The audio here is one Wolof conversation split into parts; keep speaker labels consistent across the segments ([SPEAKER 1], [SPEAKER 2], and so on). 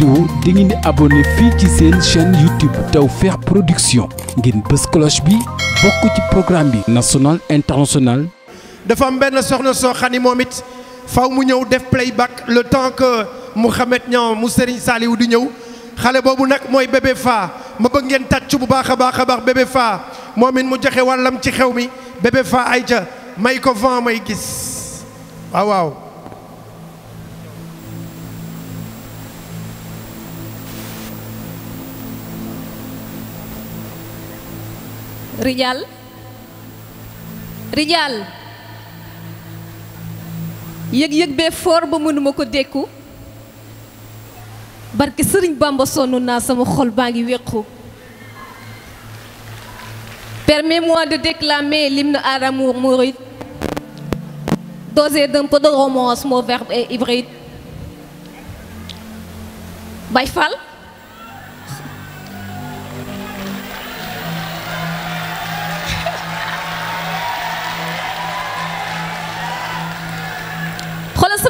[SPEAKER 1] vidéo da ngeen di abonné fii ci seen chaîne YouTube Tawfekh Production ngeen bës cloche bi bokk ci programme bi national international dafa am benn soxna soo xam ni moom it faw mu ñëw def playback le temps que mu Mouhamed Niang mu Serigne Saliou di ñëw xale boobu nag mooy bébé Fa ma ko ngeen tàcc bu baax a baax a baax bébé Fa moom it mu joxe wàllam ci xew mi bébé Fa ay ca may ko vent may gis waaw
[SPEAKER 2] rijaal rijaal yëg-yëg bee foor ba mënuma ko dékku barke sëriñ Bamba sonn naa sama xol baa ngi wéqu permets-moi de déclamer l'hymne à l'amour mouride dosé d'un peu romance mon verbe est hybride Baye Fall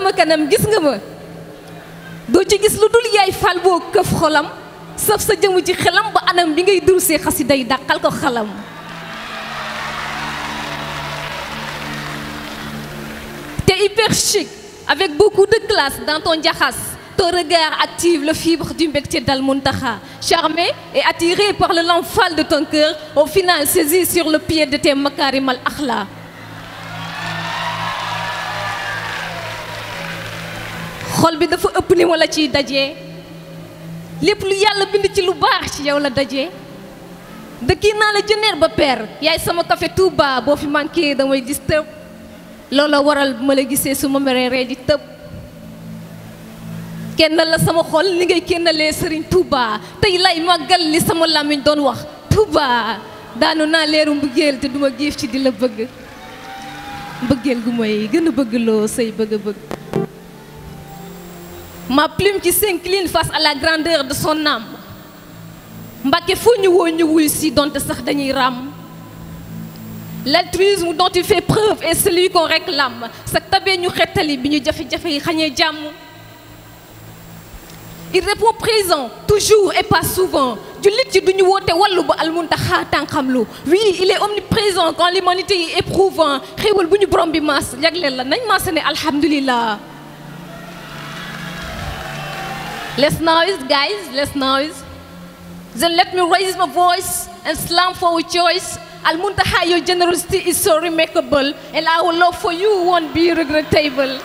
[SPEAKER 2] sama kanam gis nga ma doo ci gis lu dul yaay fal boo këf xolam saf sa jëmu ci xelam ba anam bi ngay durusee xasida yi dàqal ko xalam te hyper avec beaucoup de classe dans ton jaxas ton regard active le fibre du mbégte dal muntaxa charmé et attiré par le lamphal de ton cœur au final saisi sur le pied de tes makarimal axla xol bi dafa ëpp ni ma la ciy daje lépp lu yàlla bind ci lu baax ci yow la daje dëkkii naa la jëneer ba per yaay sama café Touba boo fi manqué damay gis tëb loola waral ma la gisee su ma meree ree ji tëb kennal la sama xol ni ngay kennalee sëriñ Touba tey lay màggal li sama làmmiñ doon wax Touba daanu naa leeru mbëggeel te duma géef ci di la bëgg mbëggeel gu may gën a bëgg loo say bëgg-bëgg ma plume qui s'incline face à la grandeur de son âme Mbacké foo ñu woo ñu wuy si donte sax dañuy ràmm l'altruisme dont tu fais preuve est celui qu'on réclame sa tabee ñu xettali bi ñu jafe-jafe yi xañee jàmm il répond présent toujours et pas souvent jullit ci duñu woote wallu ba almuntaxaa tànqamlu oui il est omniprésent quand l'humanité yi éprouvant xéewal bu ñu borom bi maas jagleel la nañ maase ne alhamdulillah Let's noise, guys, let's noise. Then let me raise my voice and slam for a choice. Al Muntaha, your generosity is so remarkable, and our love for you won't be regrettable.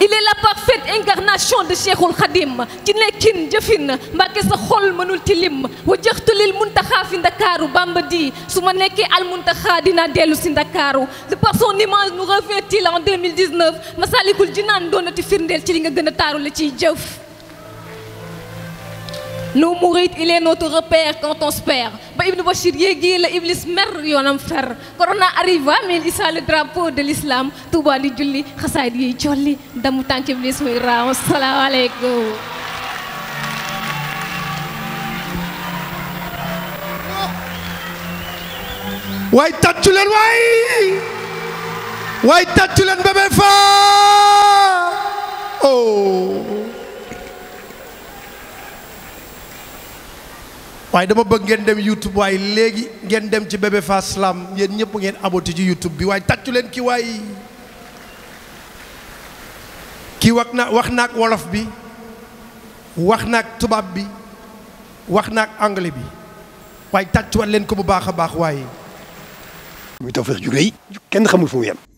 [SPEAKER 2] il est la parfaite incarnation de Cheikhul Khadim ci nekkin jëfin Mbàkke sa xol mënul ci lim wa jëxtu lil muntaxaa fi ndakaaru Bamba di su ma nekkee al muntaxaa dinaa dellu si ndakaaru de par son image nous revient-il en 2019 Masalikul Jinaan doonati firndeel ci li nga gën taaru la ciy jëf le mouride il est notre repère quand on se ba Ibn Bachir yéegi la Iblis mer yoonam fer korona arriva mais l'islam Touba di julli xasaayid yiy jolli damu tànk Iblis muy raaw salaamaaleykum waay
[SPEAKER 1] tàccu leen waay waay tàccu leen bébé fa waaye dama bëgg ngeen dem YouTube waaye léegi ngeen dem ci bébé Fass Lam yéen ñëpp ngeen abonné ci YouTube bi waaye tàccu leen ki waay ki wax na wax naag wolof bi wax naag tubaab bi wax naag anglais bi waaye tàccuwaat leen ko bu baax a baax waaye. muy Tawfekh ju rëy kenn xamul fu mu